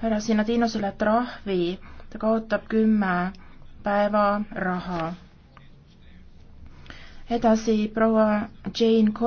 härra Sinadinosele trahvi, ta kaotab kümme päeva raha. edasi proua Jane Col-.